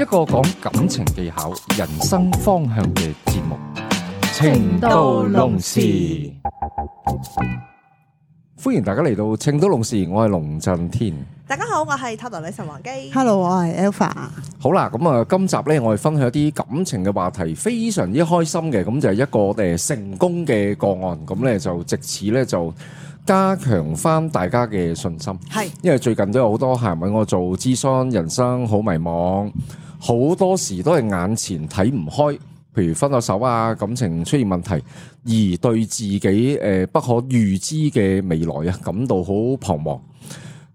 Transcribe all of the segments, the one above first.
一個講感情技巧、人生方向嘅節目《情到龍匙》，歡迎大家嚟到《情到龍匙》，我係龍振天。大家好，我係塔羅女神王姬。Hello，我係 Alpha。好啦，咁啊，今集咧，我哋分享一啲感情嘅話題，非常之開心嘅，咁就係一個誒成功嘅個案，咁咧就借此咧就加強翻大家嘅信心。係，因為最近都有好多客人揾我做諮詢，人生好迷茫。好多時都係眼前睇唔開，譬如分咗手啊，感情出現問題，而對自己誒不可預知嘅未來啊，感到好彷徨。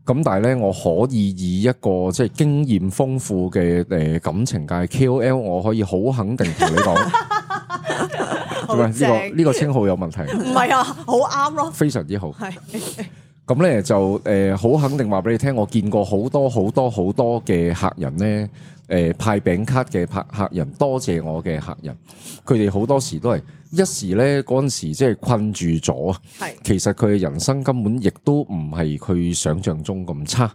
咁但係咧，我可以以一個即係經驗豐富嘅誒感情界 KOL，我可以好肯定同你講，咁啊呢個呢個稱號有問題？唔係啊，好啱咯，非常之好。是 咁咧就誒好、呃、肯定話俾你聽，我見過好多好多好多嘅客人呢，誒、呃、派餅卡嘅客客人，多謝我嘅客人，佢哋好多時都係一時呢嗰陣時即係困住咗，是其實佢嘅人生根本亦都唔係佢想象中咁差，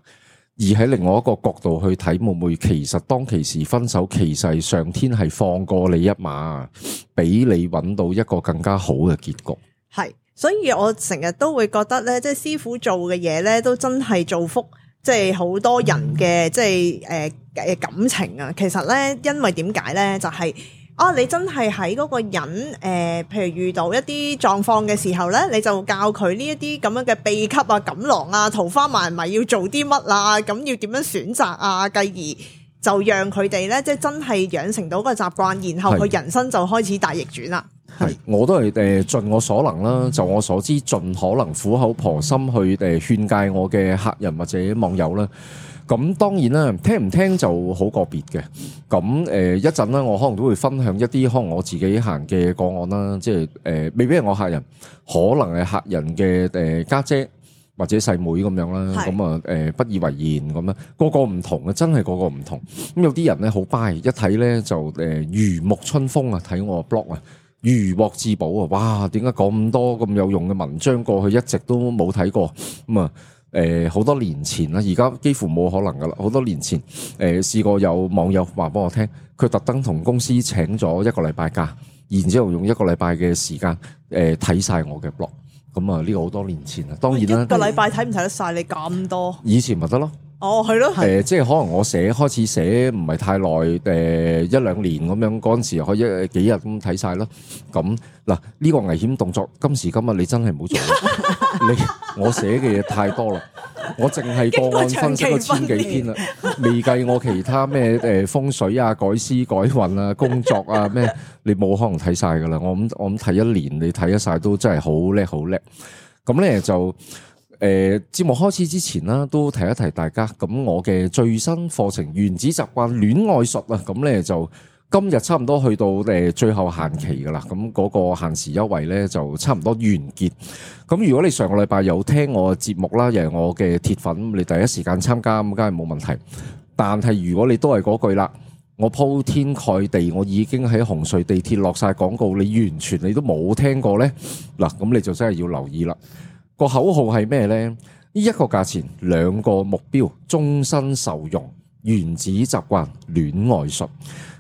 而喺另外一個角度去睇，會唔會其實當其時分手其實上天係放過你一馬，俾你揾到一個更加好嘅結局？係。所以我成日都會覺得咧，即係師傅做嘅嘢咧，都真係造福即係好多人嘅即係誒誒感情啊！其實咧，因為點解咧，就係、是、啊，你真係喺嗰個人誒、呃，譬如遇到一啲狀況嘅時候咧，你就教佢呢一啲咁樣嘅秘笈啊、錦囊啊、桃花埋咪要做啲乜啊，咁要點樣選擇啊，繼而就讓佢哋咧，即係真係養成到個習慣，然後佢人生就開始大逆轉啦。係，我都係誒盡我所能啦，就我所知，盡可能苦口婆心去誒勸誡我嘅客人或者網友啦。咁當然啦，聽唔聽就好個別嘅。咁誒一陣咧，我可能都會分享一啲可能我自己行嘅個案啦，即係誒未必係我客人，可能係客人嘅誒家姐或者細妹咁樣啦。咁啊誒不以為然咁啦，個個唔同嘅，真係個個唔同。咁有啲人咧好 buy，一睇咧就誒如沐春風啊，睇我 blog 啊。如獲至寶啊！哇，點解咁多咁有用嘅文章過去一直都冇睇過？咁、嗯、啊，誒、呃，好多年前啦，而家幾乎冇可能噶啦。好多年前，誒，試、呃、過有網友話幫我聽，佢特登同公司請咗一個禮拜假，然之後用一個禮拜嘅時間，誒、呃，睇晒我嘅 blog、嗯。咁啊，呢個好多年前啦。當然啦、呃，一個禮拜睇唔睇得晒你咁多？以前咪得咯。哦，係咯，誒、呃，即係可能我寫開始寫唔係太耐，誒、呃，一兩年咁樣嗰陣時，可以一幾日咁睇晒咯。咁嗱，呢、這個危險動作，今時今日你真係唔好做。 你我寫嘅嘢太多啦，我淨係個案分析咗千幾篇啦，未計 我其他咩誒、呃、風水啊、改思改運啊、工作啊咩，你冇可能睇晒噶啦。我諗我諗睇一年，你睇一晒都真係好叻，好叻。咁咧就。誒、呃、節目開始之前啦，都提一提大家。咁我嘅最新課程《原子習慣戀愛術》啊，咁咧就今日差唔多去到誒最後限期噶啦。咁嗰個限時優惠呢，就差唔多完結。咁如果你上個禮拜有聽我嘅節目啦，又係我嘅鐵粉，你第一時間參加，咁梗係冇問題。但係如果你都係嗰句啦，我鋪天蓋地，我已經喺紅隧地鐵落晒廣告，你完全你都冇聽過呢，嗱，咁你就真係要留意啦。個口號係咩呢？一個價錢，兩個目標，終身受用，原子習慣，戀愛術。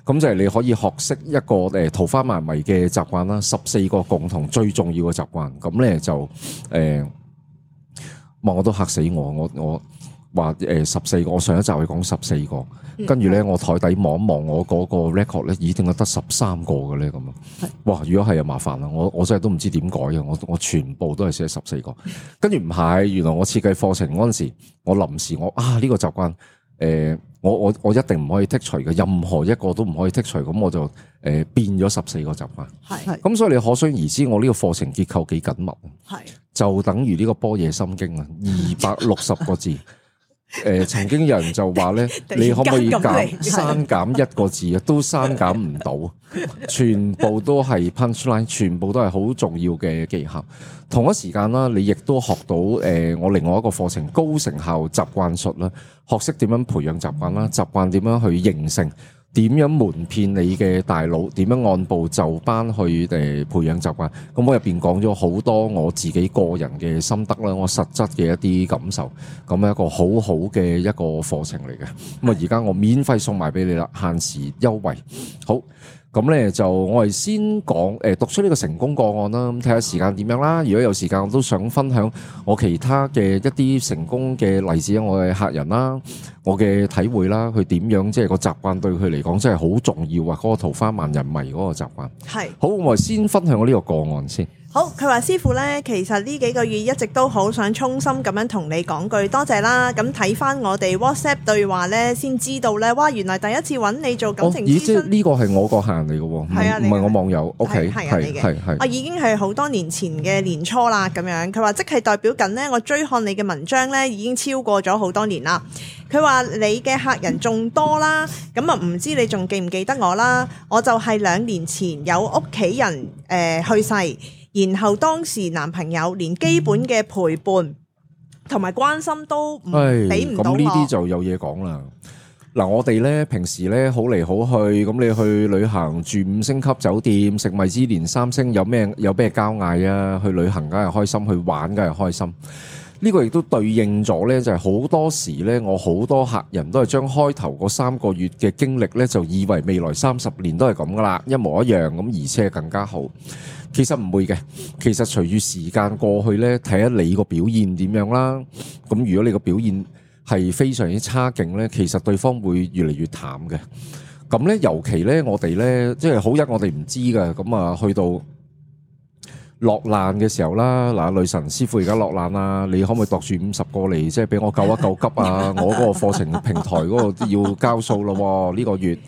咁就係你可以學識一個誒、呃、桃花迷迷嘅習慣啦。十四個共同最重要嘅習慣，咁咧就誒、呃，哇！我都嚇死我，我我。話誒，十四個，我上一集會講十四個，跟住咧，我台底望一望，我嗰個 record 咧，已經係得十三個嘅咧，咁啊，哇！如果係就麻煩啦，我我真係都唔知點改嘅，我我全部都係寫十四個，跟住唔係，原來我設計課程嗰陣時,我臨時我、啊這個呃，我臨時我啊呢個習慣，誒，我我我一定唔可以剔除嘅，任何一個都唔可以剔除，咁我就誒、呃、變咗十四個習慣，係，咁、嗯、所以你可想而知，我呢個課程結構幾緊密係，是就等於呢、這個般若心經啊，二百六十個字。 誒、呃，曾經有人就話咧， 你可唔可以減刪減一個字啊？都刪減唔到，全部都係 punchline，全部都係好重要嘅技巧。同一時間啦，你亦都學到誒、呃，我另外一個課程高成效習慣術啦，學識點樣培養習慣啦，習慣點樣去形成。點樣瞞騙你嘅大佬，點樣按部就班去誒培養習慣？咁我入邊講咗好多我自己個人嘅心得啦，我實質嘅一啲感受，咁一個好好嘅一個課程嚟嘅。咁啊，而家我免費送埋俾你啦，限時優惠，好。咁咧就我係先講誒，讀出呢個成功個案啦，咁睇下時間點樣啦。如果有時間，我都想分享我其他嘅一啲成功嘅例子，我嘅客人啦，我嘅體會啦，佢點樣即係個習慣對佢嚟講真係好重要啊！嗰、那個桃花萬人迷嗰個習慣係好，我係先分享我呢個個案先。好，佢話師傅咧，其實呢幾個月一直都好想衷心咁樣同你講句多謝啦。咁睇翻我哋 WhatsApp 對話咧，先知道咧，哇，原來第一次揾你做感情咨詢。呢、哦欸這個係我個客人嚟嘅，唔係我網友。OK，係係係，我已經係好多年前嘅年初啦。咁樣佢話即係代表緊咧，我追看你嘅文章咧，已經超過咗好多年啦。佢話你嘅客人仲多啦，咁啊唔知你仲記唔記得我啦？我就係兩年前有屋企人誒、呃、去世。然後當時男朋友連基本嘅陪伴同埋關心都唔俾唔到我，咁呢啲就有嘢講啦。嗱，我哋咧平時咧好嚟好去，咁你去旅行住五星級酒店，食米芝蓮三星，有咩有咩交嗌啊？去旅行梗係開心，去玩梗係開心。呢個亦都對應咗呢，就係好多時呢，我好多客人都係將開頭嗰三個月嘅經歷呢，就以為未來三十年都係咁噶啦，一模一樣咁，而且更加好。其實唔會嘅，其實隨住時間過去呢，睇下你個表現點樣啦。咁如果你個表現係非常之差勁呢，其實對方會越嚟越淡嘅。咁呢，尤其呢，我哋呢，即係好一，我哋唔知㗎，咁啊，去到。落難嘅時候啦，嗱，女神師傅而家落難啊，你可唔可以度住五十個嚟，即係俾我救一救急啊！我嗰個課程平台嗰度要交數咯，呢、這個月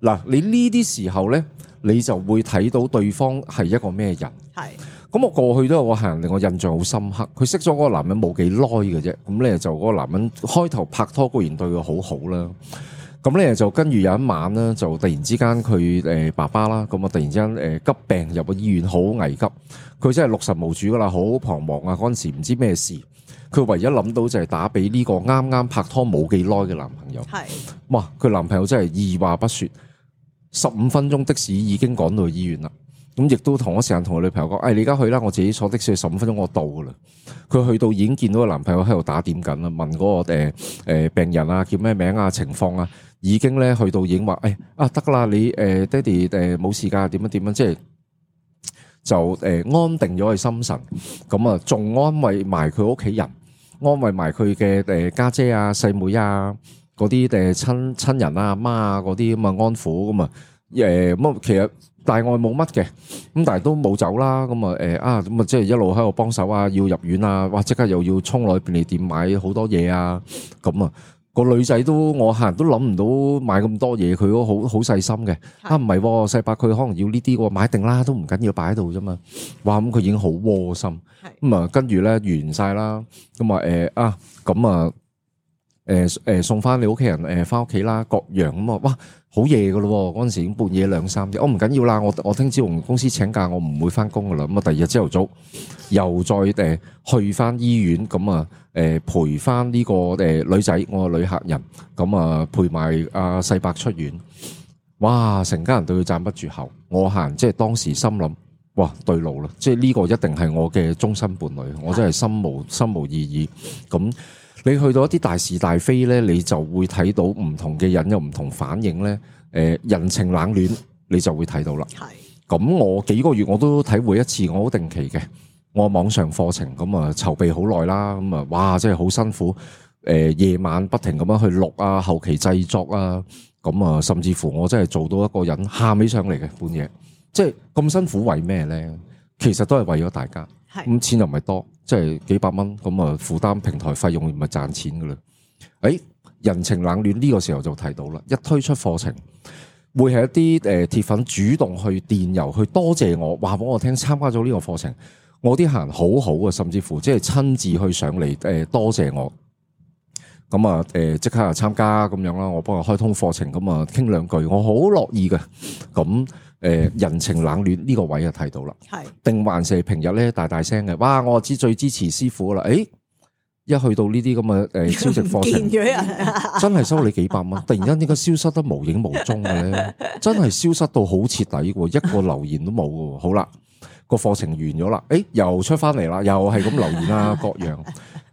嗱，你呢啲時候呢，你就會睇到對方係一個咩人？係是，咁我過去都有個客人令我印象好深刻，佢識咗嗰個男人冇幾耐嘅啫，咁咧就嗰個男人開頭拍拖固然對佢好好啦。咁咧就跟住有一晚咧，就突然之間佢誒爸爸啦，咁啊突然之間誒急病入個醫院，好危急。佢真係六神無主噶啦，好彷徨啊！嗰陣時唔知咩事，佢唯一諗到就係打俾呢個啱啱拍拖冇幾耐嘅男朋友。係是哇，佢男朋友真係二話不說，十五分鐘的士已經趕到醫院啦。咁亦都同一時間同我女朋友講，誒、哎，你而家去啦，我自己坐的士十五分鐘我到噶啦。佢去到已經見到個男朋友喺度打點緊啦，問嗰、那個誒誒、呃、病人啊，叫咩名啊，情況啊，已經咧去到已經話，誒、哎、啊得啦，你誒、呃、爹哋誒冇事噶，點樣點樣，即係就誒、呃、安定咗佢心神，咁啊，仲安慰埋佢屋企人，安慰埋佢嘅誒家姐啊、細妹、妹啊嗰啲，定係親親人啊、阿媽啊嗰啲咁啊安撫咁啊，誒咁、呃、其實。大外冇乜嘅，咁但係都冇走啦，咁啊誒啊，咁啊即係一路喺度幫手啊，要入院啊，哇！即刻又要沖落去便利店買好多嘢啊，咁啊個女仔都我客人都諗唔到買咁多嘢，佢都好好細心嘅。啊唔係喎，世伯佢可能要呢啲嘅，買定啦都唔緊要，擺喺度啫嘛。哇！咁佢已經好窩心，咁啊跟住咧完晒啦，咁啊誒啊咁啊。誒誒、呃、送翻你屋企人誒翻屋企啦，各樣咁啊，哇，好夜噶咯喎！嗰陣時已經半夜兩三點，哦，我唔緊要啦，我我聽朝同公司請假，我唔會翻工噶啦。咁啊，第二日朝頭早又再誒、呃、去翻醫院，咁啊誒、呃、陪翻呢、這個誒、呃、女仔，我女客人，咁啊陪埋阿世伯出院。哇！成家人對佢讚不絕口。我行即係當時心諗，哇對路啦！即係呢個一定係我嘅終身伴侶，我真係心無心無異意咁。你去到一啲大是大非呢，你就會睇到唔同嘅人有唔同反應呢。誒人情冷暖，你就會睇到啦。咁，我幾個月我都體會一次，我好定期嘅。我網上課程咁啊，籌備好耐啦，咁啊，哇！真係好辛苦。誒、呃、夜晚不停咁樣去錄啊，後期製作啊，咁啊，甚至乎我真係做到一個人喊起上嚟嘅半夜，即係咁辛苦為咩呢？其實都係為咗大家。係咁，錢又唔係多。即係幾百蚊，咁啊負擔平台費用咪賺錢噶啦？誒、哎，人情冷暖呢個時候就提到啦。一推出課程，會係一啲誒鐵粉主動去電郵去多謝我，話俾我聽參加咗呢個課程，我啲客人好好啊，甚至乎即係親自去上嚟誒多謝我。咁啊誒即刻啊參加咁樣啦，我幫佢開通課程，咁啊傾兩句，我好樂意噶咁。誒，人情冷暖呢，這個位就睇到啦，係是定還是平日咧大大聲嘅，哇！我知最支持師傅啦，誒、哎，一去到呢啲咁嘅誒，超值課程，真係收你幾百蚊。 突然間呢個消失得無影無蹤嘅咧，真係消失到好徹底，一個留言都冇嘅。好啦，個課程完咗啦，誒、哎，又出翻嚟啦，又係咁留言啊 各樣。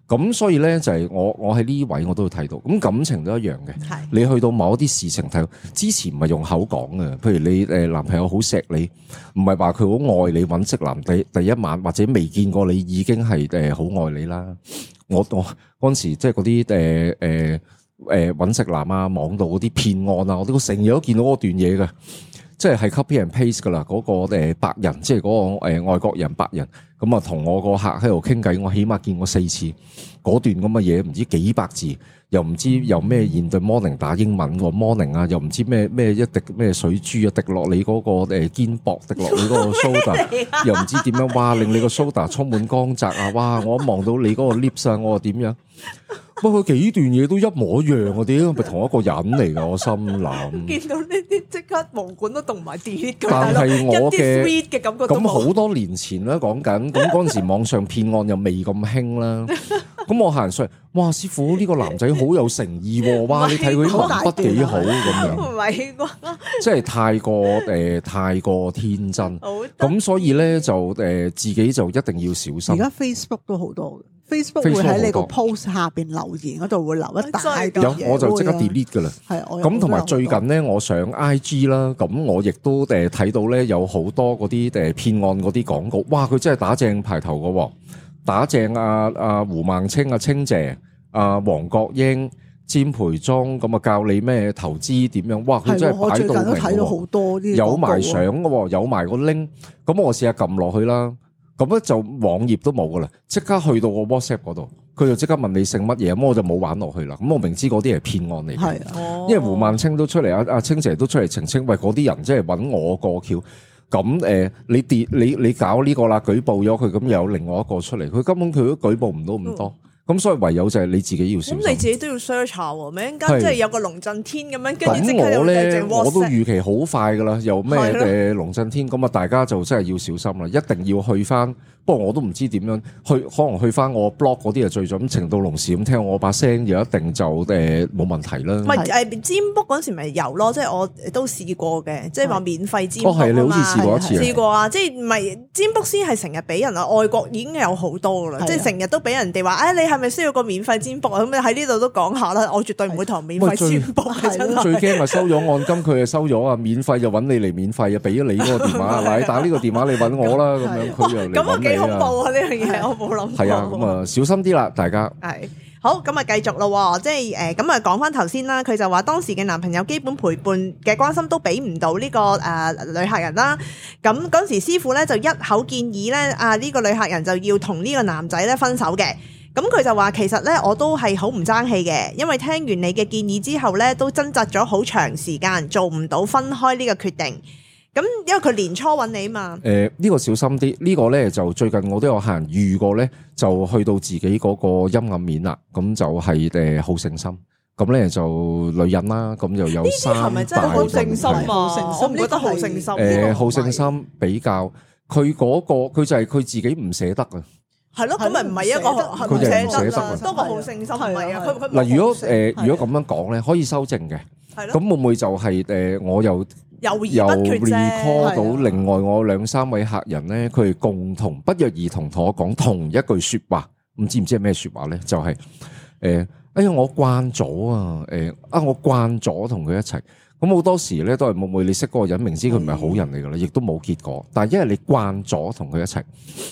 咁所以咧就係、是、我我喺呢位我都會睇到，咁感情都一樣嘅。是的 你去到某一啲事情睇，之前唔係用口講嘅。譬如你誒男朋友好錫你，唔係話佢好愛你揾色男第第一晚或者未見過你已經係誒好愛你啦。我我嗰陣時即係嗰啲誒誒誒揾色男啊，網度嗰啲騙案啊，我都成日都見到嗰段嘢嘅。即係係 copy and paste 㗎啦，嗰、嗰個白人，即係嗰個外國人白人，咁啊同我個客喺度傾偈，我起碼見過四次嗰段咁嘅嘢，唔知幾百字，又唔知有咩現代 morning 打英文喎 morning 啊，mor ning，又唔知咩咩一滴咩水珠啊，滴落你嗰個肩膊滴落你嗰個 soda， 又唔知點樣，哇令你個 soda 充滿光澤啊，哇我一望到你嗰個 lips 啊，我話點樣？喂，佢幾段嘢都一模一樣嗰啲，咪同一個人嚟噶？我心諗，見到呢啲，即刻毛管都動埋電。但係我嘅咁好多年前咧，講緊咁嗰陣時網上騙案又未咁興啦。咁 我行上，哇！師傅呢、這個男仔好有誠意，哇、 啊！你睇佢啲文筆幾好咁、 啊、樣，即係 太過誒、呃，太過天真。咁的所以咧就誒、呃，自己就一定要小心。而家 Facebook 都好多 Facebook 會喺你個 post 下邊留言嗰度會留一大嘅嘢，有，我就即刻 delete 噶啦。係，我咁同埋最近咧，我上 IG 啦，咁我亦都誒睇到咧有好多嗰啲誒騙案嗰啲廣告，哇！佢真係打正排頭噶喎，打正阿阿胡孟青啊、清姐啊、黃國英、詹培忠咁啊，教你咩投資點樣？哇！佢真係擺到明嘅喎，有埋相嘅喎，有埋個 link，咁我試下撳落去啦。咁咧就網頁都冇噶啦，即刻去到個 WhatsApp 嗰度，佢就即刻問你姓乜嘢，咁我就冇玩落去啦。咁我明知嗰啲係騙案嚟嘅，哦、因為胡萬清都出嚟，阿阿清姐都出嚟澄清，喂嗰啲人即係揾我過橋，咁誒你跌你你搞呢、呢個啦，舉報咗佢，咁有另外一個出嚟，佢根本佢都舉報唔到咁多。哦咁所以唯有就係你自己要小心。咁你自己都要 search 下喎，咩？而家即係有個龍震天咁樣，跟住即刻我咧，我都預期好快噶啦，又咩？誒龍震天咁啊！大家就真係要小心啦，一定要去翻。不過我都唔知點樣去，可能去翻我 blog 嗰啲就最準。情到龍匙咁聽我把聲，有一定就誒冇、呃、問題啦。唔占卜占卜嗰時咪有咯，即係我都試過嘅，即係話免費占卜啊嘛。試過啊，即係唔係占卜先係成日俾人啊？外國已經有好多噶啦，的即係成日都俾人哋話，哎你係咪需要個免費占卜啊？咁你喺呢度都講下啦，我絕對唔會同人免費占卜。最驚咪真收咗按金，佢又收咗啊！免費就搵你嚟免費啊！俾咗你個電話，嗱、 哦、你打呢個電話你搵我啦。咁、哦、樣佢又咁啊，幾恐怖啊！呢樣嘢我冇諗。係啊，咁啊，小心啲啦，大家。係好，咁啊，繼續咯。即係誒，咁啊，講翻頭先啦。佢就話當時嘅男朋友基本陪伴嘅關心都俾唔到呢個誒女客人啦。咁、呃、嗰、呃呃呃呃呃、時師傅咧就一口建議咧啊呢個女客人就要同呢個男仔咧分手嘅。咁佢就話其實咧，我都係好唔爭氣嘅，因為聽完你嘅建議之後咧，都掙扎咗好長時間，做唔到分開呢個決定。咁因為佢年初揾你嘛。誒，呢個小心啲，呢個咧就最近我都有客人遇過咧，就去到自己嗰個陰暗面啦。咁就係誒好勝心，咁咧就女人啦，咁又有係咪真係好勝心啊！我唔覺得好勝心。誒，好勝心比較，佢嗰個佢就係佢自己唔捨得啊。係咯，咁咪唔係一個好捨得，多個好勝心唔係啊。嗱，如果誒如果咁樣講咧，可以修正嘅。咁會唔會就係誒？我又又 recall 到另外我兩三位客人咧，佢共同不約而同同我講同一句説話，唔知唔知係咩説話咧？就係誒，哎呀，我慣咗啊，誒啊，我慣咗同佢一齊。咁好多時咧都係妹妹，你識嗰個人，明知佢唔係好人嚟噶啦，亦都冇結果。但係因為你慣咗同佢一齊，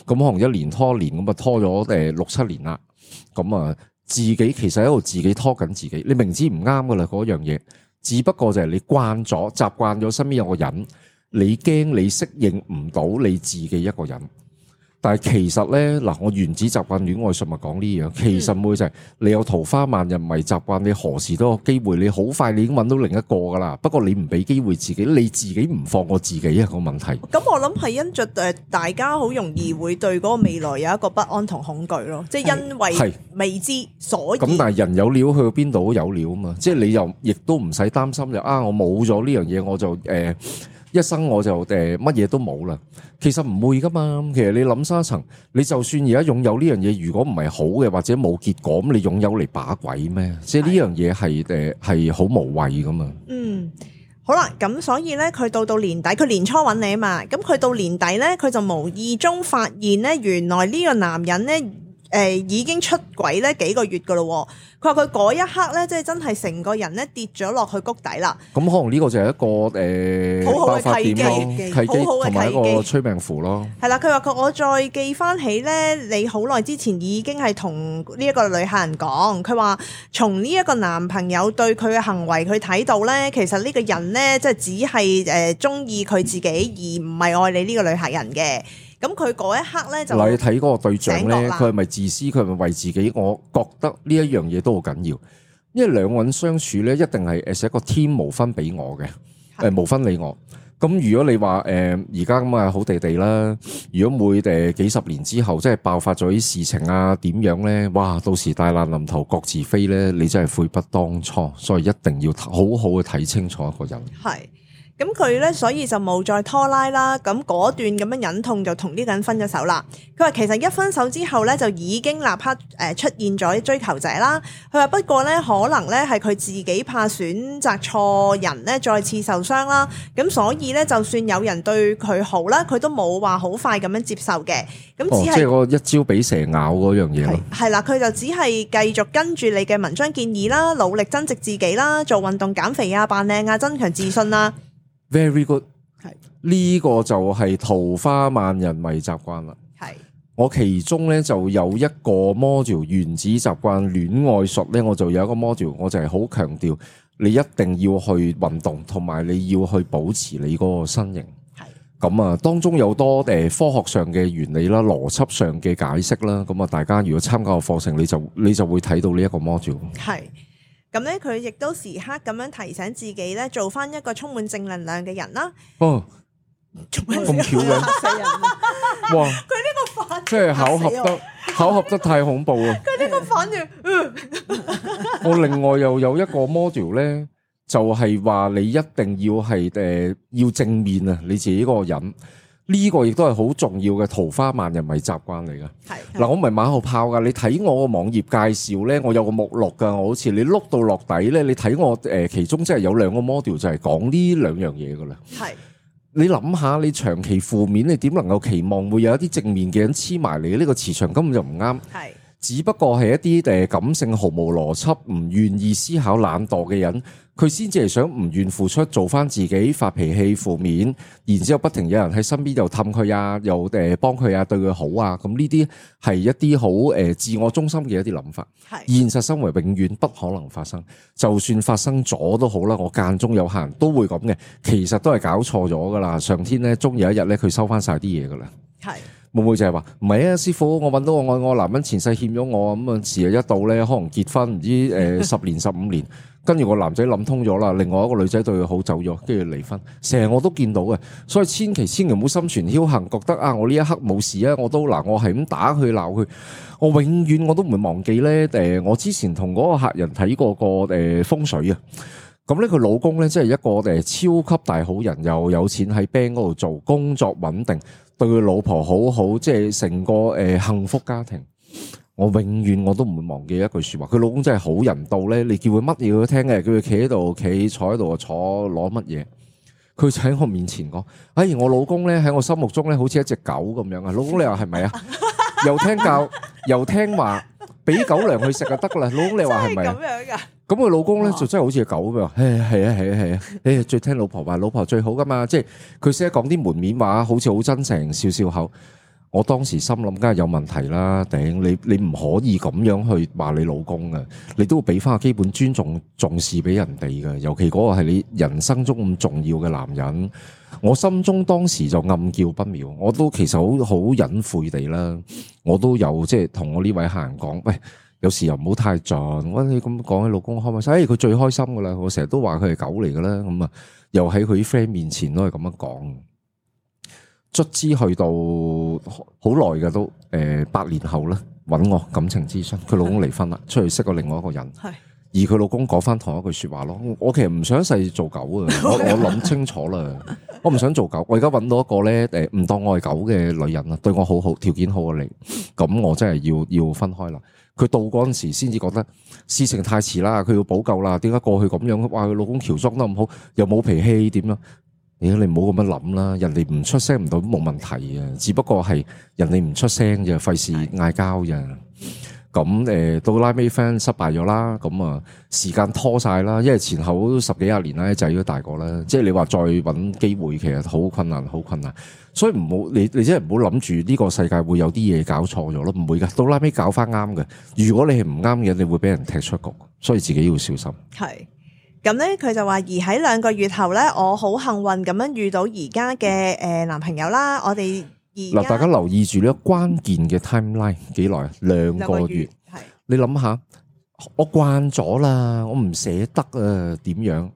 咁可能一年拖一年咁啊，拖咗誒六七年啦。咁啊，自己其實喺度自己拖緊自己。你明知唔啱噶啦，嗰樣嘢，只不過就係你慣咗，習慣咗身邊有個人，你驚你適應唔到你自己一個人。但係其實呢，嗱，我原子習慣戀愛術咪講呢樣。其實冇就係你有桃花萬人迷習慣，你何時都有機會，你好快，你已經揾到另一個噶啦。不過你唔俾機會自己，你自己唔放過自己係、嗰個問題。咁、嗯、我諗係因着大家好容易會對嗰個未來有一個不安同恐懼咯，嗯、即係因為未知，嗯、所以咁。但係人有料去到邊度都有料啊嘛！即係你又亦都唔使擔心就啊，我冇咗呢樣嘢我就誒。呃一生我就誒乜嘢都冇啦，其實唔會㗎嘛。其實你諗深一層，你就算而家擁有呢樣嘢，如果唔係好嘅或者冇結果，咁你擁有嚟把鬼咩？的即係呢樣嘢係誒係好無謂㗎嘛。嗯，好啦，咁所以咧，佢到到年底，佢年初揾你嘛，咁佢到年底咧，佢就無意中發現咧，原來呢個男人咧。誒、嗯、已經出軌咧幾個月嘅咯，佢話佢嗰一刻咧，即係真係成個人咧跌咗落去谷底啦。咁、嗯、可能呢個就係一個、呃、好好嘅契機，好好嘅個催命符咯。係啦，佢話佢我再記翻起咧，你好耐之前已經係同呢一個女客人講，佢話從呢一個男朋友對佢嘅行為，佢睇到咧，其實呢個人咧即係只係誒中意佢自己，而唔係愛你呢個女客人嘅。咁佢嗰一刻咧就，你睇嗰個對象咧，佢係咪自私？佢係咪為自己？我覺得呢一樣嘢都好緊要，因為兩個人相處咧，一定係誒，是一個天無分俾我嘅，誒、呃，無分你我。咁如果你話誒，而家咁啊好地地啦，如果每誒幾十年之後，即係爆發咗啲事情啊，點樣咧？哇，到時大難臨頭各自飛咧，你真係悔不當初。所以一定要好好去睇清楚一個人。係。咁佢咧，所以就冇再拖拉啦，咁果斷咁樣忍痛就同啲人分咗手啦。佢話其實一分手之後咧，就已經立刻誒出現咗追求者啦。佢話不過咧，可能咧係佢自己怕選擇錯人咧，再次受傷啦。咁所以咧，就算有人對佢好啦，佢都冇話好快咁樣接受嘅。咁只係、哦、即係我一朝俾蛇咬嗰樣嘢咯。係啦，佢就只係繼續跟住你嘅文章建議啦，努力增值自己啦，做運動減肥啊，扮靚啊，增強自信啦。 very good，係呢是個就係桃花萬人迷習慣啦。係是我其中呢，就有一個 model 原子習慣戀愛術呢，我就有一個 model，我就係好強調你一定要去運動，同埋你要去保持你嗰個身形。係咁是啊，當中有多誒、呃、科學上嘅原理啦，邏輯上嘅解釋啦。咁啊，大家如果參加個課程，你就你就,你就會睇到呢一個 model。係。咁咧，佢亦都時刻咁樣提醒自己咧，做翻一個充滿正能量嘅人啦。哦，咁巧嘅死人！哇，佢呢個反，即係巧合得巧合得太恐怖啊！佢呢個反應，嗯，我另外又有一個 model 咧，就係話你一定要係誒要正面啊，你自己一個人。呢個亦都係好重要嘅桃花萬人迷習慣嚟噶。係嗱，我唔係馬後炮噶。你睇我個網頁介紹咧，我有個目錄噶，我好似你碌到落底咧，你睇我誒、呃、其中即係有兩個 model 就係講呢兩樣嘢噶啦。係是你諗下，你長期負面，你點能夠期望會有一啲正面嘅人黐埋你？呢、這個磁場根本就唔啱。係。只不過係一啲誒感性、毫無邏輯、唔願意思考、懶惰嘅人，佢先至係想唔願付出，做翻自己發脾氣、負面，然之後不停有人喺身邊又氹佢啊，又誒幫佢啊，對佢好啊。咁呢啲係一啲好誒自我中心嘅一啲諗法。係是現實生活永遠不可能發生，就算發生咗都好啦。我間中有限都會咁嘅，其實都係搞錯咗噶啦。上天呢終有一日呢佢收翻晒啲嘢噶啦。係。妹妹就係話唔係啊，師傅，我揾到我愛我男人前世欠咗我咁啊，時日一到呢，可能結婚唔知誒十年十五年，跟住個男仔諗通咗啦，另外一個女仔對佢好走咗，跟住離婚，成日我都見到嘅，所以千祈千祈唔好心存僥倖，覺得啊，我呢一刻冇事啊，我都嗱、呃，我係咁打佢鬧佢，我永遠我都唔會忘記呢。誒、呃，我之前同嗰個客人睇過個誒風水啊，咁呢，佢老公呢，即係一個誒超級大好人，又有錢喺 bank 嗰度做工作穩定。對佢老婆好好，即係成個誒幸福家庭。我永遠我都唔會忘記一句說話，佢老公真係好人到咧，你叫佢乜嘢都聽嘅，叫佢企喺度，企坐喺度坐攞乜嘢，佢就喺我面前講：哎，我老公咧喺我心目中咧，好似一隻狗咁樣啊，老公你話係咪啊？又聽教又聽話。俾 狗糧去食就得啦，老公你話係咪？咁樣噶、啊。咁佢老公咧就真係好似狗咁樣，誒係啊係啊係啊，誒最聽老婆話，老婆最好噶嘛，即係佢成日講啲門面話，好似好真誠，笑笑口。我當時心諗，梗係有問題啦！頂你，你唔可以咁樣去話你老公呀，你都俾翻個基本尊重、重視俾人哋嘅。尤其嗰個係你人生中咁重要嘅男人，我心中當時就暗叫不妙。我都其實好好隱晦地啦，我都有即係同我呢位客人講：喂，有時又唔好太盡。我話你咁講，起老公開唔開心？誒、哎，佢最開心噶啦。我成日都話佢係狗嚟噶啦，咁啊，又喺佢 friend 面前都係咁樣講。卒之去到好耐嘅都，誒、呃、八年後咧，揾我感情諮詢，佢老公離婚啦，出去識過另外一個人， 而佢老公講翻同一句説話咯，我其實唔想一世做狗啊，我我諗清楚啦，我唔想做狗，我而家揾到一個咧，誒唔當我係狗嘅女人啊，對我好好，條件好過你，咁我真係要要分開啦。佢到嗰陣時先至覺得事情太遲啦，佢要補救啦，點解過去咁樣？哇，佢老公喬裝得咁好，又冇脾氣點樣？你唔好咁樣諗啦，人哋唔出聲唔到冇問題嘅，只不過係人哋唔出聲就費事嗌交呀。咁誒的到拉尾 friend 失敗咗啦，咁啊時間拖晒啦，因為前後都十幾廿年啦，仔都大個啦，的即係你話再搵機會，其實好困難，好困難。所以唔好你你真係唔好諗住呢個世界會有啲嘢搞錯咗咯，唔會噶，到拉尾搞翻啱嘅。如果你係唔啱嘅，你會俾人踢出局，所以自己要小心。係。咁咧，佢就話而喺兩個月後咧，我好幸運咁樣遇到而家嘅誒男朋友啦。我哋而嗱，大家留意住呢個關鍵嘅 timeline 幾耐啊？兩個月，係你諗下，我慣咗啦，我唔捨得啊，點樣？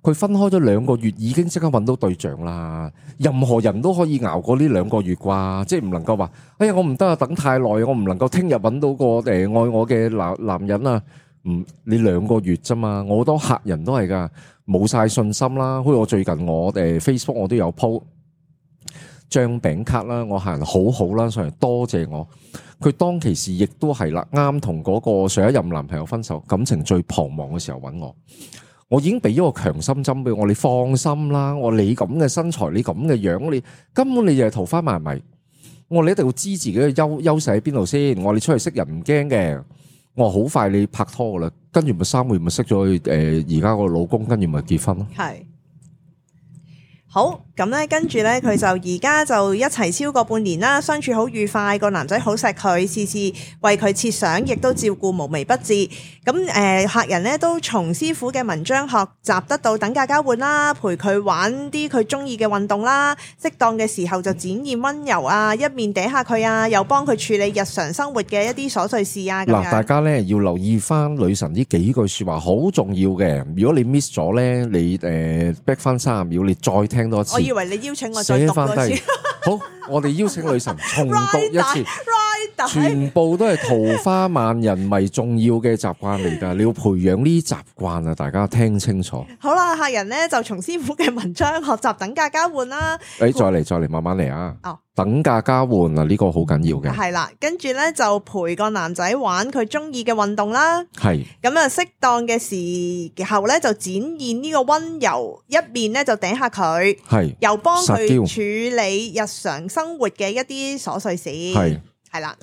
佢分開咗兩個月，已經即刻揾到對象啦。任何人都可以熬過呢兩個月啩？即係唔能夠話哎呀，我唔得啊，等太耐，我唔能夠聽日揾到個誒愛我嘅男男人啊！嗯，你兩個月啫嘛，我好多客人都係噶，冇晒信心啦。好似我最近我誒、呃、Facebook 我都有鋪，張餅卡啦，我客人好好啦，上嚟多謝我。佢當其時亦都係啦，啱同嗰個上一任男朋友分手，感情最彷徨嘅時候揾我。我已經俾咗個強心針俾我，你放心啦。我你咁嘅身材，你咁嘅樣，樣，你根本你就係桃花迷迷。我你一定要知自己嘅優優勢喺邊度先。我哋出去識人唔驚嘅。我好快你拍拖啦，跟住咪三個月咪識咗佢，誒而家個老公，跟住咪結婚咯。係好。咁咧，跟住咧，佢就而家就一齊超過半年啦，相處好愉快，個男仔好錫佢，次次為佢設想，亦都照顧無微不至。咁、呃、誒客人咧都從師傅嘅文章學習得到等價交換啦，陪佢玩啲佢中意嘅運動啦，適當嘅時候就展現温柔啊，一面嗲下佢啊，又幫佢處理日常生活嘅一啲瑣碎事啊。嗱，大家咧要留意翻女神呢幾句説話，好重要嘅。如果你 miss 咗咧，你誒 back 翻三十秒，你再聽多次。以為你邀請我再讀一次， 好，我哋邀請女神 重讀一次。 全部都係桃花萬人迷重要嘅習慣嚟噶， 你要培養呢啲習慣啊！大家聽清楚。好啦，客人呢就從師傅嘅文章學習等價交換啦。誒、欸陪，再嚟，再嚟，慢慢嚟啊！哦、等價交換啊，呢、這個好緊要嘅。係啦，跟住呢，就陪個男仔玩佢中意嘅運動啦。係咁啊，適當嘅時候呢，就展現呢個溫柔，一面呢就頂下佢，係是又幫佢處理日常生活嘅一啲瑣碎事是。係。係啦，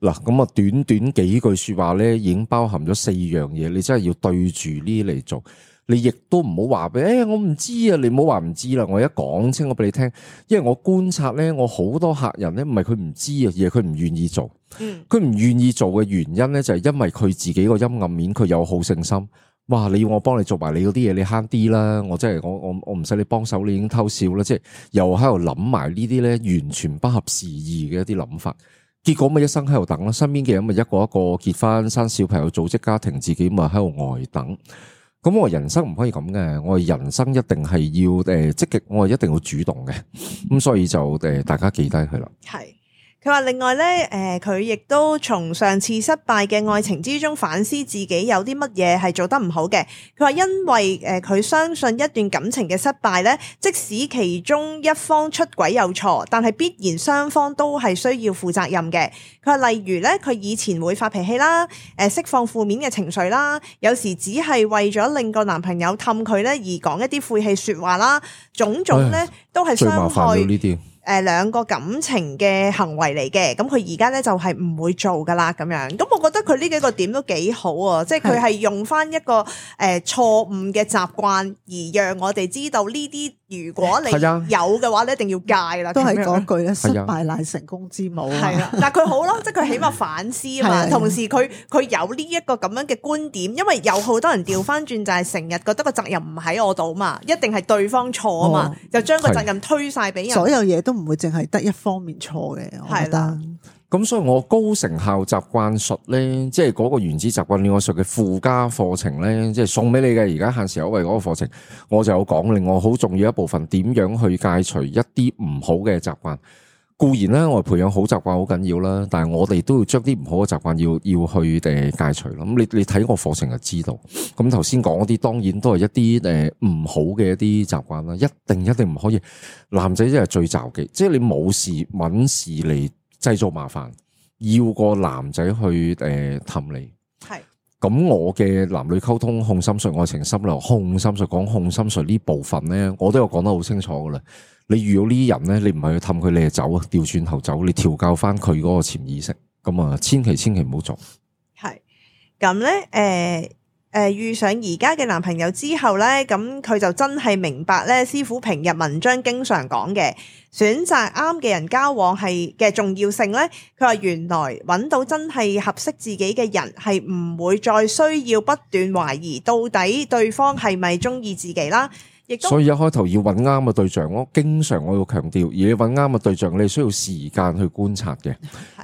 嗱咁啊，短短幾句說話咧，已經包含咗四樣嘢。你真係要對住呢啲嚟做，你亦都唔好話俾，誒、欸，我唔知啊，你唔好話唔知啦。我一講清楚俾你聽，因為我觀察咧，我好多客人咧，唔係佢唔知啊，而係佢唔願意做。佢唔願意做嘅原因咧，就係因為佢自己個陰暗面，佢有好勝心。哇，你要我幫你做埋你嗰啲嘢，你慳啲啦。我真係我我我唔使你幫手，你已經偷笑啦。即係又喺度諗埋呢啲咧，完全不合時宜嘅一啲諗法。結果咪一生喺度等咯，身邊嘅人咪一個一個結婚、生小朋友，組織家庭，自己咪喺度呆等。咁我人生唔可以咁嘅，我人生一定係要誒積極，我係一定要主動嘅。咁所以就誒，大家記低佢喇。係。佢話另外咧，誒，佢亦都從上次失敗嘅愛情之中反思自己有啲乜嘢係做得唔好嘅。佢話因為，誒，佢相信一段感情嘅失敗咧，即使其中一方出軌有錯，但係必然雙方都係需要負責任嘅。佢話例如咧，佢以前會發脾氣啦，誒，釋放負面嘅情緒啦，有時只係為咗令個男朋友氹佢咧而講一啲晦氣說話啦，種種咧都係傷害。最麻煩呢啲。誒兩個感情嘅行為嚟嘅，咁佢而家咧就係唔會做噶啦咁樣。咁我覺得佢呢幾個點都幾好啊，的即係佢係用翻一個誒、呃、錯誤嘅習慣，而讓我哋知道呢啲如果你有嘅話，的你一定要戒啦。都係嗰句咧，失敗乃成功之母。係啦的，但佢 好咯，即係佢起碼反思啊嘛。的同時佢佢有呢一個咁樣嘅觀點，因為有好多人調翻轉就係成日覺得個責任唔喺我度嘛，一定係對方錯啊嘛，哦、就將個責任推晒俾人的。所有嘢都。唔會淨係得一方面錯嘅，係啦的。咁所以我高成效習慣術呢，即係嗰個原子習慣戀愛術嘅附加課程呢，即係送俾你嘅。而家限時優惠嗰個課程，我就有講另外好重要一部分，點樣去解除一啲唔好嘅習慣。固然咧，我哋培養好習慣好緊要啦，但係我哋都要將啲唔好嘅習慣要要去誒戒除咯。咁你你睇我課程就知道。咁頭先講啲，當然都係一啲誒唔好嘅一啲習慣啦。一定一定唔可以。男仔真係最忌嘅，即係你冇事揾事嚟製造麻煩，要個男仔去誒氹、呃、你。係是。咁我嘅男女溝通、控心術、愛情心流、控心術講控心術呢部分咧，我都有講得好清楚噶啦。你遇到呢啲人呢，你唔係去氹佢，你就走啊，調轉頭走，你調教翻佢嗰個潛意識，咁啊，千祈千祈唔好做。係、呃，咁咧，誒誒，遇上而家嘅男朋友之後呢，咁佢就真係明白呢。師傅平日文章經常講嘅，選擇啱嘅人交往係嘅重要性呢，佢話原來揾到真係合適自己嘅人，係唔會再需要不斷懷疑到底對方係咪中意自己啦。所以一開頭要揾啱嘅對象，我經常我要強調，而你揾啱嘅對象，你需要時間去觀察嘅。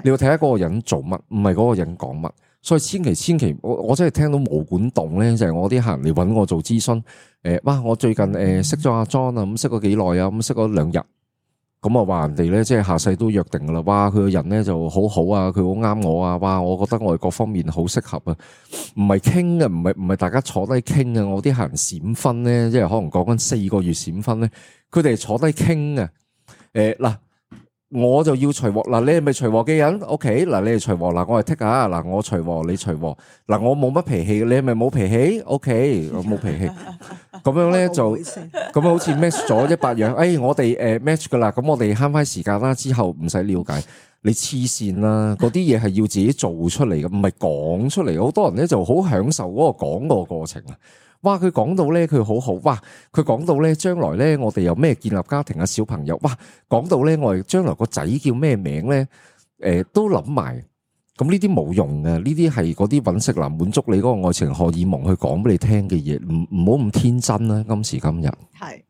你要睇下嗰個人做乜，唔係嗰個人講乜。所以千祈千祈，我我真係聽到毛管戙咧，就係、是、我啲客人嚟揾我做諮詢。哇，我最近誒識咗阿 John 啊，咁識咗幾耐啊？咁識咗兩日。咁啊，話人哋咧，即係下世都約定啦。哇，佢個人咧就好好啊，佢好啱我啊。哇，我覺得我哋各方面好適合啊。唔係傾啊，唔係唔係大家坐低傾啊。我啲客人閃婚咧，即係可能講緊四個月閃婚咧，佢哋係坐低傾啊。誒、呃，嗱。我就要隨和，嗱，你係咪隨和嘅人？O K，嗱，你係隨和，嗱我係剔下，嗱我隨和，你隨和，嗱我冇乜脾氣，你係咪冇脾氣？O K，我冇脾氣，咁樣咧 就咁樣好似 match 咗一百樣， 哎，我哋誒 match 噶啦，咁我哋慳翻時間啦，之後唔使了解你黐線啦，嗰啲嘢係要自己做出嚟嘅，唔係講出嚟。好多人咧就好享受嗰個講個過程啊。哇！佢講到咧，佢好好哇！佢講到咧，將來咧，我哋有咩建立家庭啊，小朋友哇！講到咧，我哋將來個仔叫咩名咧？誒，都諗埋。咁呢啲冇用嘅，呢啲係嗰啲揾食男滿足你嗰個愛情荷爾蒙去講俾你聽嘅嘢，唔唔好咁天真啦！今時今日係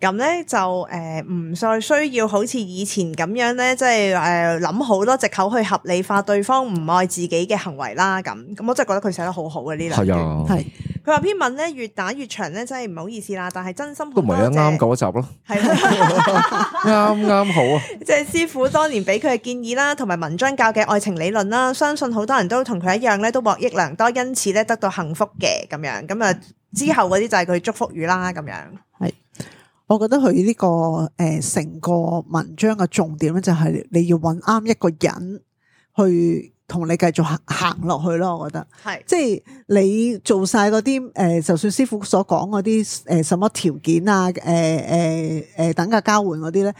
咁咧，就誒唔再需要好似以前咁樣咧，即係誒諗好多借口去合理化對方唔愛自己嘅行為啦。咁咁，我真係覺得佢寫得好好嘅呢兩樣係。佢話篇文咧，越打越長咧，真係唔好意思啦，但係真心好都唔係啊，啱一集咯，係啦，啱啱好啊。即係師傅當年俾佢嘅建議啦，同埋文章教嘅愛情理論啦，相信好多人都同佢一樣咧，都獲益良多，因此咧，得到幸福嘅咁樣。咁啊之後嗰啲就係佢祝福語啦，咁樣。係，我覺得佢呢、這個誒成、呃、個文章嘅重點咧，就係你要揾啱一個人去。同你繼續行行落去咯，我覺得係是即係你做晒嗰啲誒，就算師傅所講嗰啲誒，什麼條件啊，誒誒誒，等價交換嗰啲咧，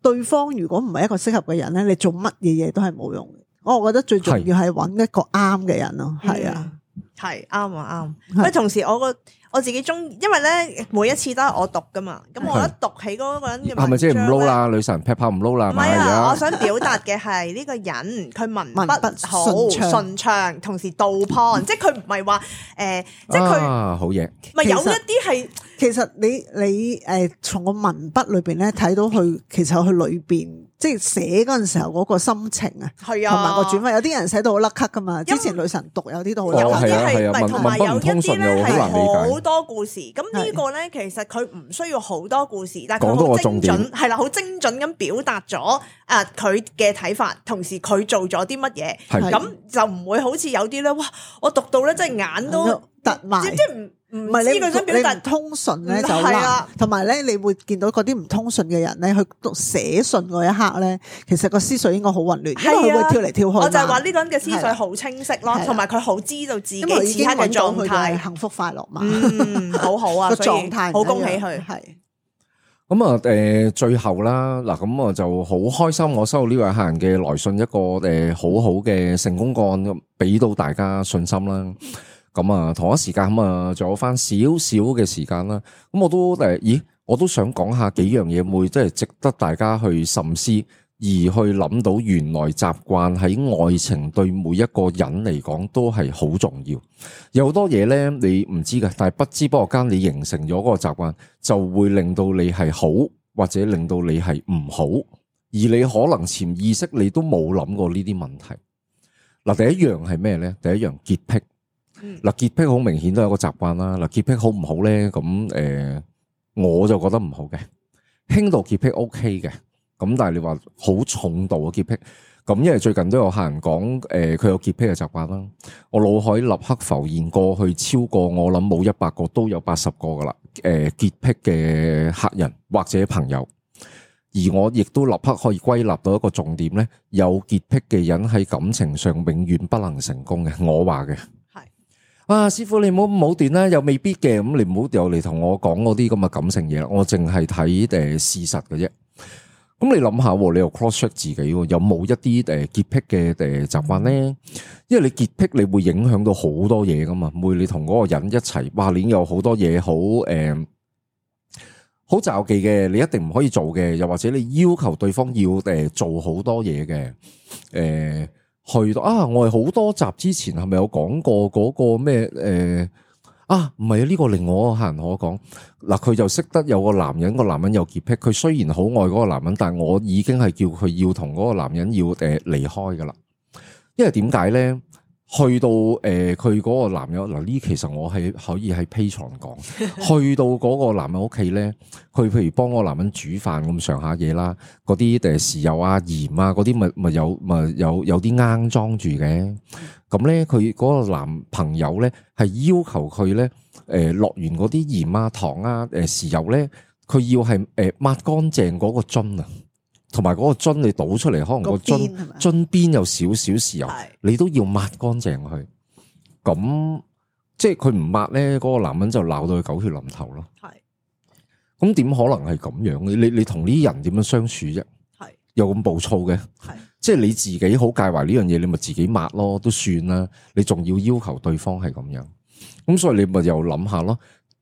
對方如果唔係一個適合嘅人咧，你做乜嘢嘢都係冇用。我我覺得最重要係揾一個啱嘅人咯，係是啊，係啱、嗯、啊啱。不過是同時我個。我自己中意，因為咧每一次都係我讀噶嘛，咁我覺得讀起嗰個人嘅係咪即係唔撈啦，女神劈炮唔撈啦？唔係啊，我想表達嘅係呢個人佢文筆好順暢，同時道破，即係佢唔係話誒，即係佢啊好嘢。咪有一啲係其實你你誒從個文筆裏邊咧睇到佢其實佢裏邊即係寫嗰陣時候嗰個心情啊，係啊，同埋個轉運，有啲人寫到好甩 u c 噶嘛。之前女神讀有啲都好，有啲係文筆唔通順又好難理解。多故事，咁呢個呢，其實佢唔需要好多故事，但係佢好精準，係啦，好精準咁表達咗啊佢嘅睇法，同時佢做咗啲乜嘢，咁的就唔會好似有啲呢：「哇！我讀到呢，真係眼都突埋。即唔係你，你想表達通順咧就係啦，同埋咧你會見到嗰啲唔通順嘅人咧，佢讀寫信嗰一刻咧，其實個思緒應該好混亂，因為佢會跳嚟跳去。我就係話呢個人嘅思緒好清晰咯，同埋佢好知道自己此刻嘅狀態，幸福快樂嘛，好好啊，狀態好，恭喜佢，係。咁啊，誒最後啦，嗱咁啊，我就好開心，我收到呢位客人嘅來信，一個誒好好嘅成功個案，咁俾到大家信心啦。咁啊，同一時間咁啊，仲有翻少少嘅時間啦。咁我都誒，咦，我都想講下幾樣嘢，會即係值得大家去深思，而去諗到原來習慣喺愛情對每一個人嚟講都係好重要。有好多嘢咧，你唔知嘅，但係不知不覺間你形成咗嗰個習慣，就會令到你係好或者令到你係唔好，而你可能潛意識你都冇諗過呢啲問題。嗱，第一樣係咩咧？第一樣潔癖。嗱，潔癖好明顯都有個習慣啦。嗱，潔癖好唔好咧？咁誒，我就覺得唔好嘅輕度潔癖 O K 嘅，咁但係你話好重度嘅、啊、潔癖咁，因為最近都有客人講誒，佢、呃、有潔癖嘅習慣啦。我腦海立刻浮現過去超過我諗冇一百個都有八十個噶啦。誒、呃，潔癖嘅客人或者朋友，而我亦都立刻可以歸納到一個重點咧，有潔癖嘅人喺感情上永遠不能成功嘅。我話嘅。啊，師傅，你唔好武斷啦，又未必嘅，咁、嗯、你唔好掉嚟同我講嗰啲咁嘅感性嘢啦，我淨係睇誒事實嘅啫。咁你諗下，你又 cross check 自己，有冇一啲誒潔癖嘅誒習慣咧，因為你潔癖，你會影響到好多嘢噶嘛。會你同嗰個人一齊，下年有好多嘢好誒好着急嘅，你一定唔可以做嘅，又或者你要求對方要誒、呃、做好多嘢嘅，誒、呃。去到啊！我係好多集之前係咪有講過嗰、那個咩誒、呃、啊？唔係啊！呢、這個令我客人可，我講嗱，佢就識得有個男人，個男人有潔癖。佢雖然好愛嗰個男人，但係我已經係叫佢要同嗰個男人要誒、呃、離開噶啦。因為點解咧？去到誒佢嗰個男人嗱，呢其實我係可以喺 Patreon 講，去到嗰個男人屋企咧，佢譬如幫個男人煮飯咁上下嘢啦，嗰啲誒豉油啊、鹽啊嗰啲咪咪有咪有有啲罌裝住嘅，咁咧佢嗰個男朋友咧係要求佢咧誒落完嗰啲鹽啊、糖啊、誒豉油咧，佢要係誒抹乾淨嗰個樽啊。同埋嗰個樽你倒出嚟，可能個樽樽邊有少少豉油，是你都要抹乾淨去。咁即係佢唔抹呢，嗰、嗰個男人就鬧到佢狗血淋頭咯。係咁點可能係咁樣？你你同呢人點樣相處啫？係是又咁暴躁嘅，是即係你自己好介懷呢樣嘢，你咪自己抹咯，都算啦。你仲要要求對方係咁樣？咁所以你咪又諗下咯。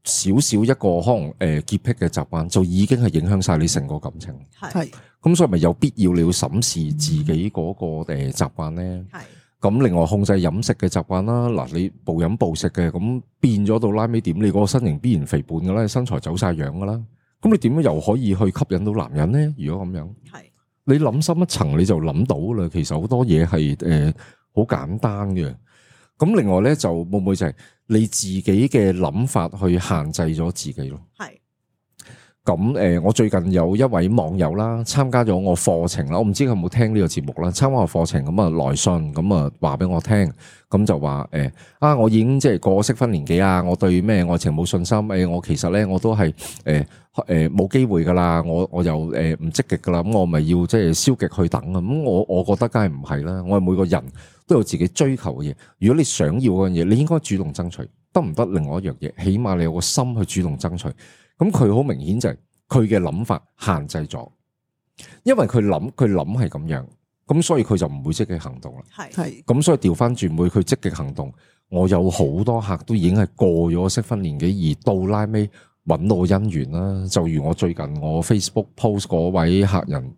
少少一個可能誒潔癖嘅習慣就已經係影響晒你成個，個感情。係是。是咁所以咪有必要你要審視自己嗰個誒習慣咧？係是。咁另外控制飲食嘅習慣啦，嗱你暴飲暴食嘅，咁變咗到拉尾點？你嗰個身形必然肥胖噶啦，身材走晒樣噶啦。咁你點樣又可以去吸引到男人咧？如果咁樣，係是。你諗深一層，你就諗到啦。其實好多嘢係誒好簡單嘅。咁另外咧，就會唔會就係你自己嘅諗法去限制咗自己咯？係。咁誒、呃，我最近有一位網友啦，參加咗我課程啦，我唔知佢有冇聽呢個節目啦，參加我課程咁啊來信，咁啊話俾我聽，咁就話誒、欸、啊，我已經即係過適婚年紀啊，我對咩愛情冇信心，誒、欸、我其實咧我都係誒誒冇機會噶啦，我我又誒唔積極噶啦，咁我咪要即係消極去等啊，咁我我覺得梗係唔係啦，我係每個人都有自己追求嘅嘢。如果你想要嗰樣嘢，你應該主動爭取，得唔得？另外一樣嘢，起碼你有個心去主動爭取。咁佢好明顯就係佢嘅諗法限制咗，因為佢諗佢諗係咁樣，咁所以佢就唔會積極行動啦。係，咁所以調翻轉，會佢積極行動，我有好多客都已經係過咗適婚年紀，而到拉尾揾到我姻緣啦。就如我最近我 Facebook post 嗰位客人，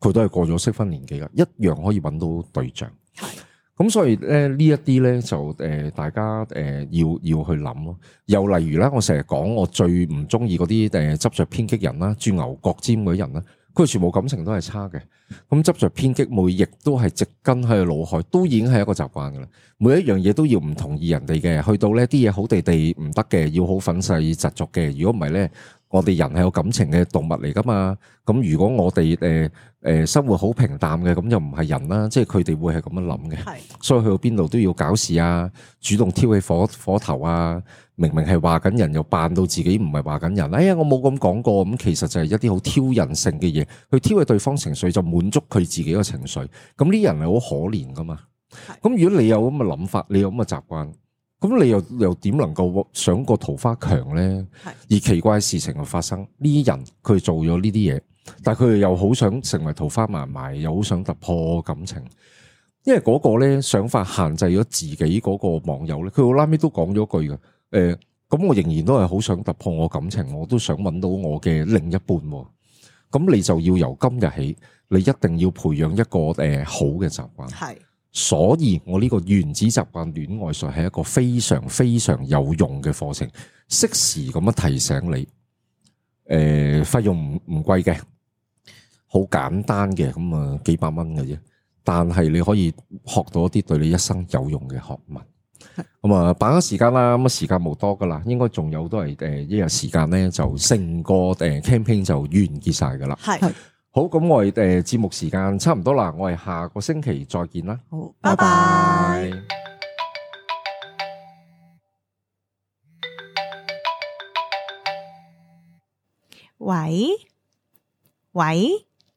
佢都係過咗適婚年紀噶，一樣可以揾到對象。咁所以咧呢一啲咧就誒、呃、大家誒、呃、要要去諗咯。又例如啦，我成日講我最唔中意嗰啲誒執着偏激人啦、鑽牛角尖嗰啲人啦，佢全部感情都係差嘅。咁、嗯、執着偏激，每亦都係植根喺腦海，都已經係一個習慣噶啦。每一樣嘢都要唔同意人哋嘅，去到呢啲嘢好地地唔得嘅，要好憤世嫉俗嘅。如果唔係咧，我哋人係有感情嘅動物嚟噶嘛。咁如果我哋誒。誒，生活好平淡嘅，咁又唔係人啦，即係佢哋會係咁樣諗嘅，是的 所以去到邊度都要搞事啊，主動挑起火火頭啊，明明係話緊人，又扮到自己唔係話緊人，哎呀，我冇咁講過，咁其實就係一啲好挑釁性嘅嘢，去挑起對方情緒，就滿足佢自己嘅情緒，咁啲人係好可憐噶嘛，咁是的 如果你有咁嘅諗法，你有咁嘅習慣，咁你又又點能夠想過桃花強呢？是的 而奇怪嘅事情又發生，呢啲人佢做咗呢啲嘢。但係佢又好想成為桃花麻埋，又好想突破感情，因為嗰個咧想法限制咗自己嗰個網友咧。佢後尾都講咗句嘅，誒、呃，咁我仍然都係好想突破我感情，我都想揾到我嘅另一半，哦。咁你就要由今日起，你一定要培養一個誒、呃、好嘅習慣。係是，所以我呢個原子習慣戀愛術係一個非常非常有用嘅課程，適時咁樣提醒你。誒、呃，費用唔唔貴嘅。好簡單嘅，咁啊幾百蚊嘅啫，但係你可以學到一啲對你一生有用嘅學問。咁啊，把握時間啦，咁啊時間冇多噶啦，應該仲有都係誒一日時間咧，就成個誒 campaign 就完結晒噶啦。係。好，咁我哋誒節目時間差唔多啦，我哋下個星期再見啦。好，拜拜。喂喂。